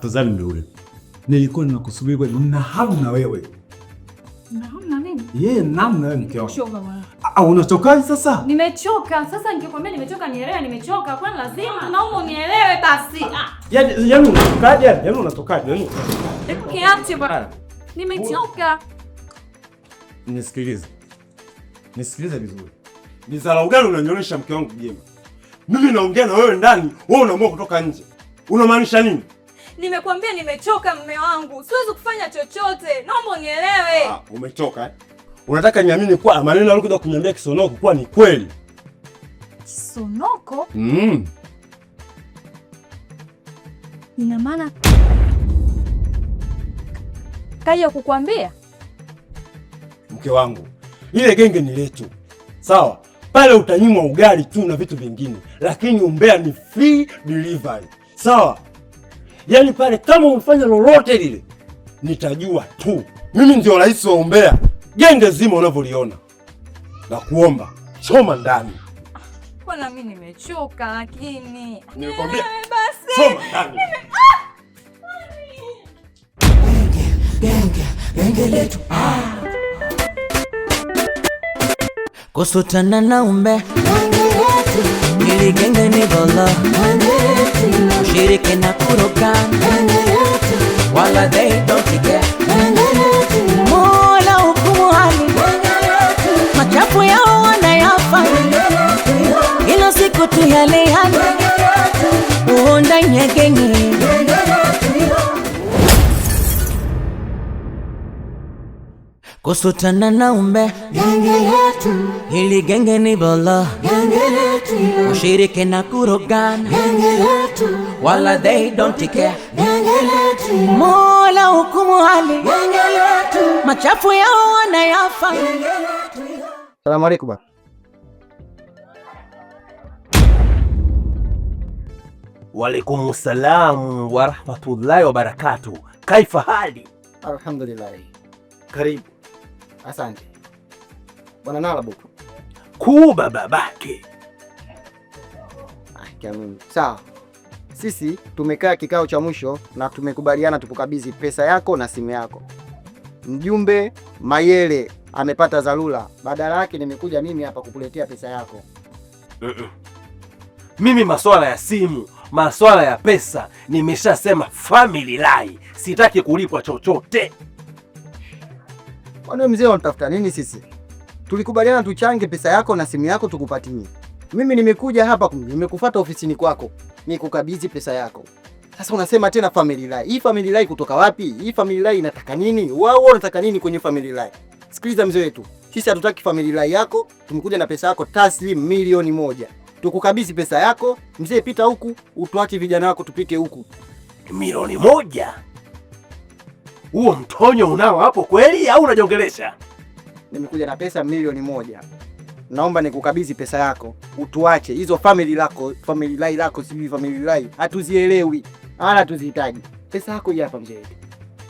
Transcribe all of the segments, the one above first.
Tazani ndio yule. Nilikuwa ninakusubiri kweli. Nina hamu na wewe. Nina hamu na nini? Yeye namna wewe mkeo. Choka bwana. Ah, unachoka sasa? Nimechoka. Sasa nikikwambia nimechoka nielewe nimechoka. Kwani lazima naomba unielewe basi. Ah. Yaani, yaani, yaani yaani unatokaje? Yaani unatokaje? Yaani. Hebu kiache bwana. Nimechoka. Nisikilize. Nisikilize vizuri. Ni dharau gani unanyonyesha mke wangu Jema? Mimi naongea na wewe ndani, wewe unaamua kutoka nje. Unamaanisha nini? Nimekuambia nimechoka mme wangu, siwezi kufanya chochote, naomba unielewe. Ah, umechoka eh? Unataka niamini kuwa maneno alikuja kuniambia Kisonoko kuwa ni kweli? Kisonoko? Mm. Ina maana kaya kukuambia mke wangu, ile genge ni letu, sawa? Pale utanyimwa ugali tu na vitu vingine, lakini umbea ni free delivery, sawa? Yaani pale kama umfanya lolote lile nitajua tu. Mimi ndio rais wa Umbea, genge zima unavyoliona. Na kuomba choma ndani. Mbona mimi nimechoka lakini. Nimekwambia. Choma eh, ndani. Genge, ah! genge genge letu. Kusutana na Umbea. Genge letu. Genge ni bala. Genge letu shiriki na kurogana, wala they don't care. Mola hukumu hali, machafu yao wanayafanya, ilo siku tuyalehana uonda nyegenye kusutana na umbe genge yetu, hili genge ni bolo genge yetu, ushirike na kurogana genge yetu, wala they don't care genge yetu, Mola hukumu hali genge yetu, machafu yao wanayafa genge yetu. Salamu ba Waalaikum salamu warahmatullahi rahmatullahi wa barakatuh. Kaifa hali? Alhamdulillah. Karibu. Asante bwana Narabuku. Kuuba babake. Ah, Sawa, sisi tumekaa kikao cha mwisho na tumekubaliana tukukabidhi pesa yako na simu yako. Mjumbe Mayele amepata dharura, badala yake nimekuja mimi hapa kukuletea pesa yako. Mm -mm. Mimi masuala ya simu, masuala ya pesa, nimeshasema family lai, sitaki kulipwa chochote. Kwani mzee unatafuta nini? Sisi tulikubaliana tuchange pesa yako na simu yako tukupatie. Mimi nimekuja hapa, nimekufuata ofisini kwako nikukabidhi pesa yako. Sasa unasema tena family life. Hii family life kutoka wapi? Hii family life inataka nini? Wao wanataka nini kwenye family life? Sikiliza mzee wetu, sisi hatutaki family life yako. Tumekuja na pesa yako taslim milioni moja tukukabidhi pesa yako. Mzee pita huku, utuache vijana wako tupite huku. Milioni moja huo mtonyo unao hapo kweli au unajongelesha? Nimekuja na pesa milioni moja, naomba nikukabidhi pesa yako, utuache hizo family lako family lai lako sijui family lai, hatuzielewi ala tuzihitaji Pesa yako hii hapa mzee.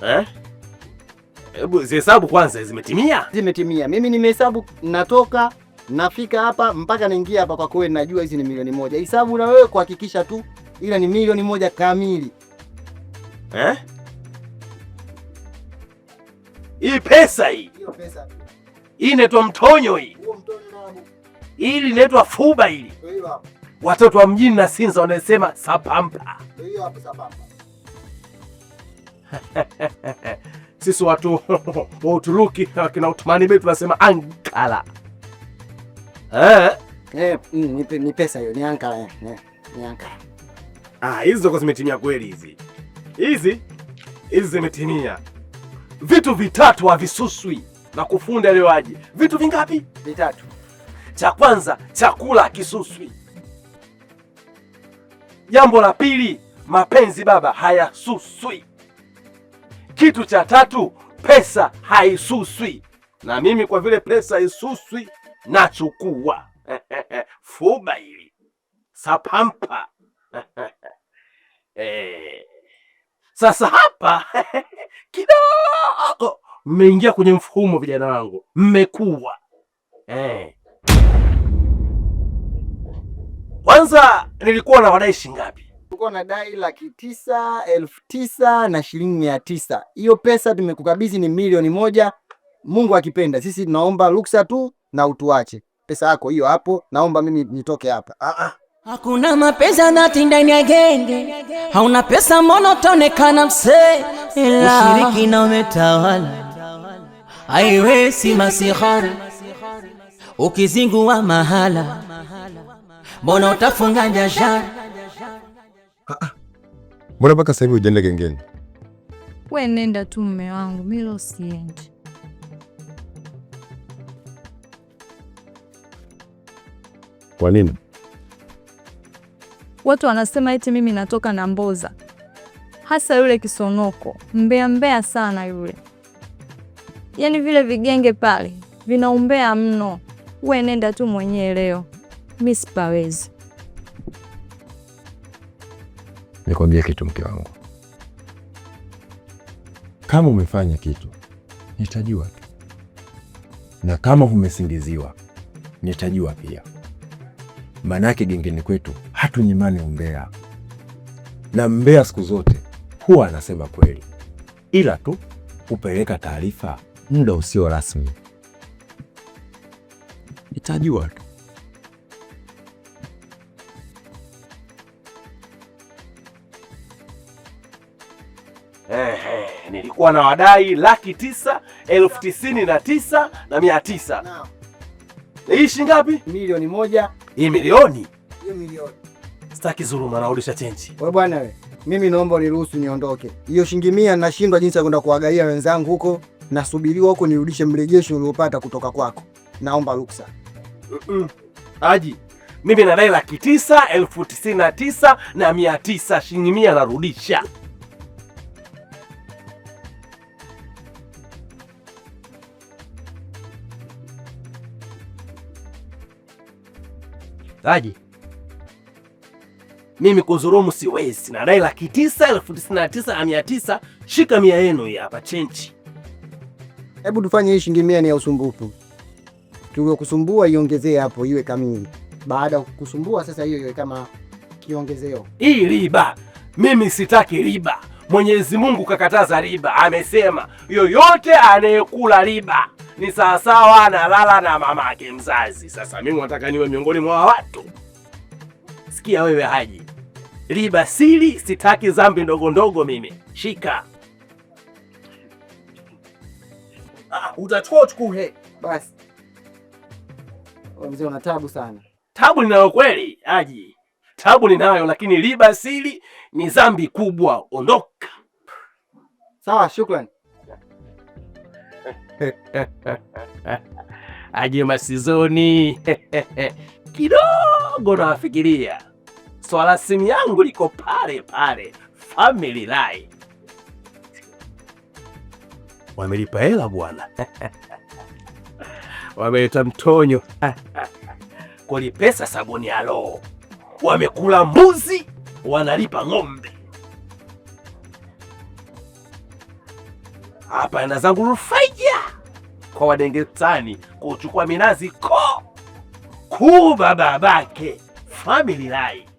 Eh? Hebu zihesabu kwanza, zimetimia? Zimetimia. Mimi nimehesabu, natoka nafika hapa mpaka naingia hapa, kwa kweli najua hizi ni milioni moja. Hesabu na wewe kuhakikisha tu, ila ni milioni moja kamili eh? Hii pesa hii hii inaitwa mtonyo hii, ili inaitwa fuba hili. Watoto wa mjini na Sinza wanasema sapampa. Sisi watu wa Uturuki akina Utumani bei tunasema ankala. Eh, eh, ni pesa hiyo, ni ankala, eh, eh, ni ankala. Ah, hizi zoko zimetimia kweli hizi, hizi hizi zimetimia. Vitu vitatu havisuswi na kufunda leo aje. Vitu vingapi? Vitatu. Cha kwanza, chakula kisuswi. Jambo la pili, mapenzi baba hayasuswi. Kitu cha tatu, pesa haisuswi. Na mimi kwa vile pesa haisuswi, nachukua fuba hili sapampa. Eh, sasa hapa kidogo mmeingia kwenye mfumo, vijana wangu, mmekuwa eh. Kwanza nilikuwa na wadai shilingi ngapi? na dai laki tisa, elfu tisa na shilingi mia tisa. Hiyo pesa tumekukabidhi ni milioni moja. Mungu akipenda, sisi tunaomba ruksa tu na utuache pesa yako hiyo hapo. Naomba mimi nitoke hapa. Ah, ah. hakuna na tindani ya genge, hauna pesa monotone kana msee na umetawala, masihari masihara, ukizingua mahala, mbona utafunga biashara? Ah, ah. Mbona mpaka sasa hivi hujaenda gengeni? We nenda tu mme wangu, mimi leo siendi. Kwa nini? Watu wanasema eti mimi natoka na mboza hasa yule kisonoko mbea mbea sana yule. Yaani vile vigenge pale vinaumbea mno. Wewe nenda tu mwenyewe leo, mi sipawezi. Nikwambie kitu, mke wangu, kama umefanya kitu nitajua tu, na kama umesingiziwa nitajua pia. Maana yake gengeni kwetu hatunyimani umbea, na mbea siku zote huwa anasema kweli, ila tu hupeleka taarifa muda usio rasmi. Nitajua tu. nilikuwa na wadai laki tisa elfu tisini na tisa na mia tisa no. ngapi? Milioni moja. Hii milioni? Hii milioni. Sitaki narudisha chenji. Wewe bwana wewe mimi naomba uniruhusu niondoke. Hiyo shilingi mia nashindwa jinsi ya kwenda kuwagaia wenzangu huko, nasubiriwa huko nirudishe mrejesho uliopata kutoka kwako. Naomba ruksa. mm -mm. Haji, mimi nadai laki tisa elfu tisini na tisa na mia tisa shilingi mia narudisha. Haji mimi kuzurumu siwezi, Na dai laki tisa elfu tisini na tisa na mia tisa. Shika mia yenu hapa chenchi. Hebu tufanye hii shilingi mia ni ya usumbufu, tuliokusumbua iongezee hapo iwe kamili. Baada ya kukusumbua sasa, hiyo iwe kama kiongezeo. Hii riba mimi sitaki riba. Mwenyezi Mungu kakataza riba, amesema yoyote anayekula riba ni sawasawa analala na mamake mzazi. Sasa mimi nataka niwe miongoni mwa watu. Sikia wewe Haji, libasili, sitaki zambi ndogo ndogo mimi. Shika ah, utachukua uchukue basi. Mzee una tabu sana. Tabu ninayo kweli, aji tabu ninayo, lakini libasili ni zambi kubwa. Ondoka. Sawa, shukrani. Haji Masizoni kidogo nawafikiria swala simu yangu liko pale pale Family Line. Wamelipa hela bwana, wameleta mtonyo kulipesa pesa sabuni ya roho, wamekula mbuzi, wanalipa ng'ombe. Hapa na zangu rufaija kwa wadengetani kuchukua minazi ko kuba babake Family Line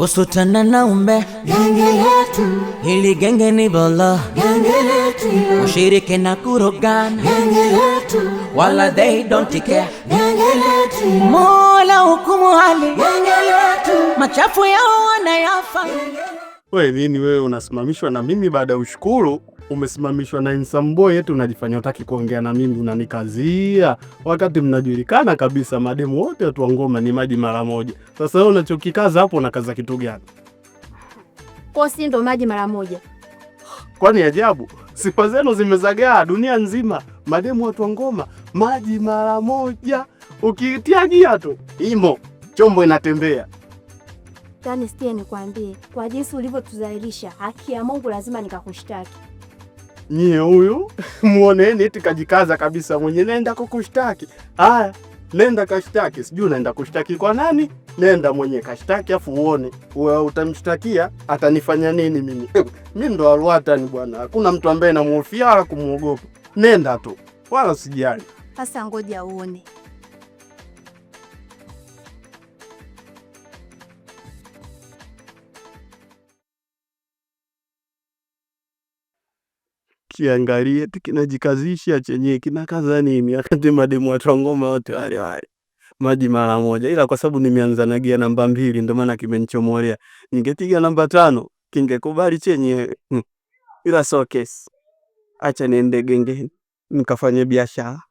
kusutana na umbe genge letu, hili genge ni bolo genge letu, ushirike na kurogana genge letu, wala they don't care genge letu, mola hukumu hali genge letu, machafu yao wanayafanya. Wewe nini wewe, unasimamishwa na mimi baada ya ushukuru umesimamishwa na insamboy yetu, unajifanya utaki kuongea na mimi, unanikazia wakati mnajulikana kabisa mademu wote watu wa ngoma ni maji mara moja. Sasa wewe unachokikaza hapo unakaza kitu gani? Kwa si ndo maji mara moja? Kwani ajabu? Sifa zenu zimezagaa dunia nzima, mademu watu wa ngoma maji mara moja, ukiitia gia tu imo chombo inatembea. Tani, sitie nikwambie, kwa jinsi ulivyotuzalilisha, haki ya Mungu lazima nikakushtaki nyie huyu muoneni, eti kajikaza kabisa mwenye, nenda kukushtaki. aya nenda kashtaki, sijui unaenda kushtaki kwa nani? Nenda mwenye kashtaki, afu uone wewe utamshtakia atanifanya nini mimi. mi ndo aruatani bwana, hakuna mtu ambaye namuhofia wala kumwogopa. Nenda tu wala usijali. Sasa ngoja uone. Kiangalie tu kinajikazisha chenyewe kinakaza nini, wakati mademu watu wote wale wale maji mara moja, ila kwa sababu nimeanza nagia namba mbili, ndio maana kimenichomolea. Ningepiga namba tano kingekubali chenyewe, hmm. ila so kesi. Acha niende gengeni nikafanye biashara.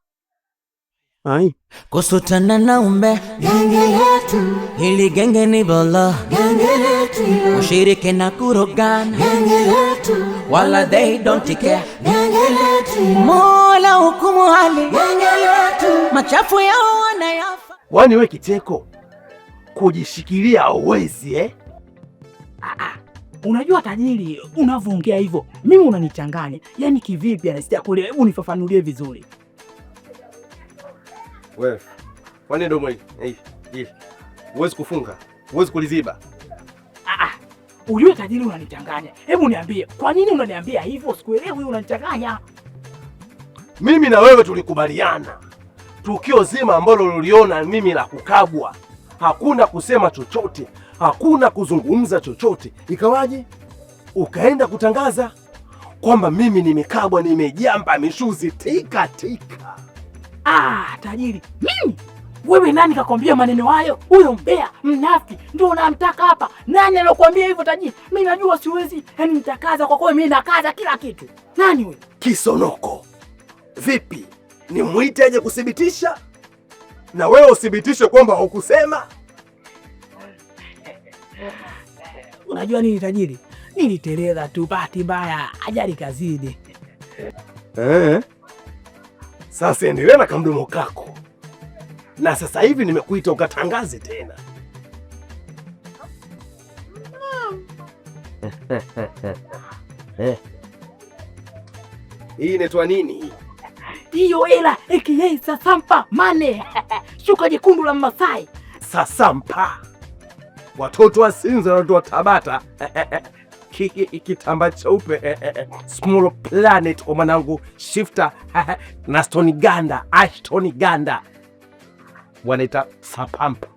Ai, kusutana na umbe genge yetu, hili genge ni bolo, genge yetu, ushirike na kurogana, genge yetu wala they don't care. Mola hukumu hali, machafu yao wanayafa. Wani we Kiteko, kujishikilia uwezi eh? Aa, ah, ah. unajua tajiri, unavyoongea hivyo mimi unanichanganya. yani kivipi? Anasikia kule, hebu nifafanulie vizuri. Wewe, Wani domo hii, hivi, huwezi kufunga, uwezi kuliziba Ujue tajiri unanichanganya. Hebu niambie, kwa nini unaniambia hivyo? Sikuelewi, unanichanganya. Mimi na wewe tulikubaliana, tukio zima ambalo uliona mimi la kukabwa, hakuna kusema chochote, hakuna kuzungumza chochote. Ikawaje ukaenda kutangaza kwamba mimi nimekabwa, nimejamba mishuzi tika tika? Ah, tajiri mimi wewe nani kakwambia maneno hayo? Huyo mbea mnafi ndio unamtaka hapa. Nani alokuambia hivyo tajiri? Mimi najua siwezi, yaani nitakaza kwa kweli, mimi nakaza kila kitu. Nani wewe? Kisonoko. Vipi? Nimwite aje kuthibitisha na wewe uthibitishe kwamba hukusema? Unajua nini tajiri? Niliteleza tu, bahati mbaya ajali kazidi. Eh. Sasa endelea na kamdomo kako na sasa hivi nimekuita ukatangaze tena. Hii inaitwa nini? Hiyo hela aka sasampa mane shuka jekundu la Masai. Sasampa watoto wa Sinza na watu wa Tabata kitamba cheupe small planet kwa mwanangu shifter na stoni ganda, ashtoni ganda wanaita sapampa.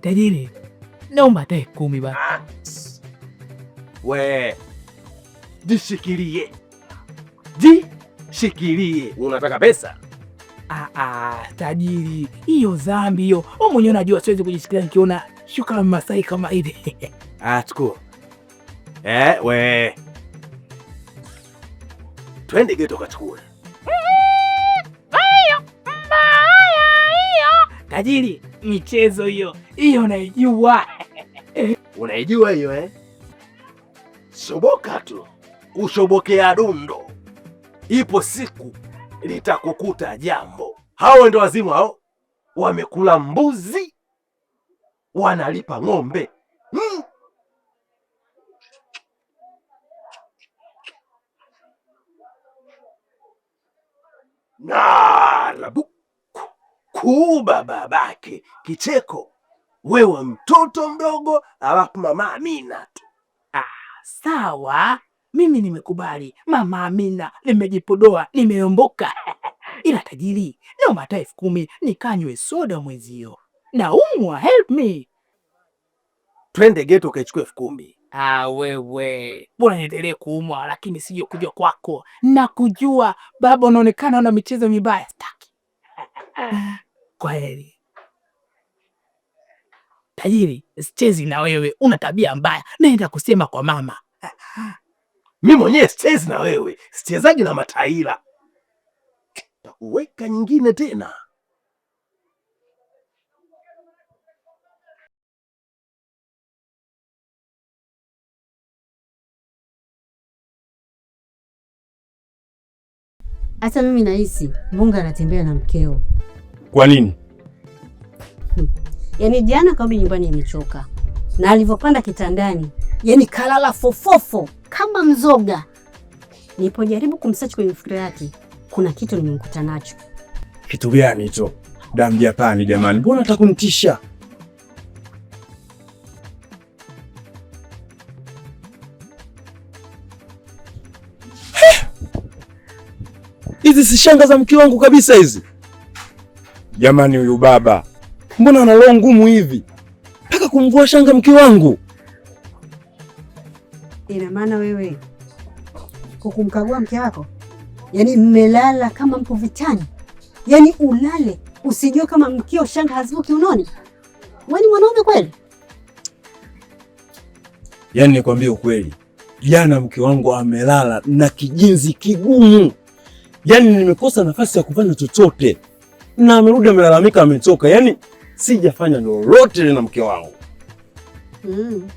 Tajiri, naomba tae kumi ba. Ah, we jishikilie, jishikilie. Unataka pesa? Aa, ah, ah, tajiri, hiyo dhambi hiyo. Wewe mwenyewe unajua siwezi kujishikilia nikiona shuka la Masai kama hivi. Ah, chukua. Eh, we twende geto kachukua tajiri, michezo hiyo hiyo unaijua. Unaijua hiyo eh? Soboka tu ushobokea dundo, ipo siku litakukuta jambo. Hao ndo wazimu hao, wamekula mbuzi wanalipa ng'ombe hmm. na kuuba babake, kicheko wewe mtoto mdogo, alafu mama Amina tu. Ah, sawa, mimi nimekubali. Mama Amina nimejipodoa, nimeomboka ila tajiri, naomba hata elfu kumi nikanywe soda mwezio, naumwa. Help me, twende geto ukaichukua elfu kumi. Ah, wewe bora niendelee kuumwa, lakini sije kuja kwako. Nakujua baba, unaonekana una michezo mibaya, kwa heri. Tajiri, sichezi na wewe, una tabia mbaya, naenda kusema kwa mama. Mi mwenyewe sichezi na wewe, sichezaji na mataira. Takuweka nyingine tena. Hata mimi nahisi Mbunga anatembea na mkeo. Kwa nini? Hmm. Yaani jana karudi nyumbani imechoka na alivyopanda kitandani, yaani kalala fofofo kama mzoga. Nilipojaribu kumsearch kwenye fikira yake, kuna kitu nimekuta nacho. Kitu gani hicho? Damu Japani jamani, mbona atakuntisha? Hizi si shanga za mke wangu kabisa hizi. Jamani, huyu baba mbona ana roho ngumu hivi mpaka kumvua shanga mke wangu? Ina maana wewe kukumkagua mke wako, yaani mmelala kama mpo vitani, yaani ulale usijue kama mkio shanga hazipo kiunoni. Wewe ni mwanaume kweli? Yaani nikwambie ukweli, jana mke wangu amelala na kijinzi kigumu, yaani nimekosa nafasi ya kufanya chochote na amerudi amelalamika, ametoka. Yaani sijafanya lolote na mke wangu mm.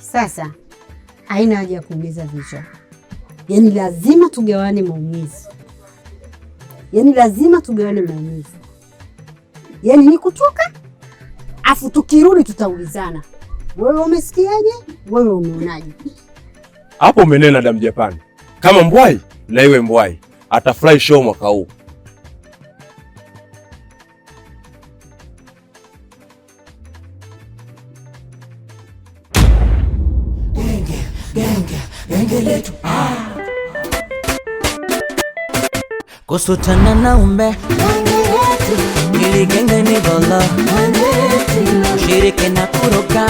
Sasa haina haja ya kuuliza vichwa, yaani lazima tugawane maumizi, yaani lazima tugawane maumizi, yaani ni kutoka afu tukirudi tutaulizana, wewe umesikiaje? Wewe umeonaje? Hapo umenena damu Japani, kama mbwai na iwe mbwai, atafurahi show mwaka huu genge genge letu ah. Kusutana na umbe ili genge ni bolo shirike na kuruka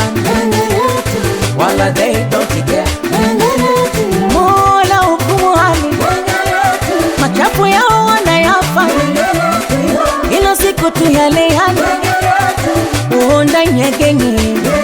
wala they don't get Mola hukumu hali yao wanayafa ilo siku tuyaleani uonda nyegenge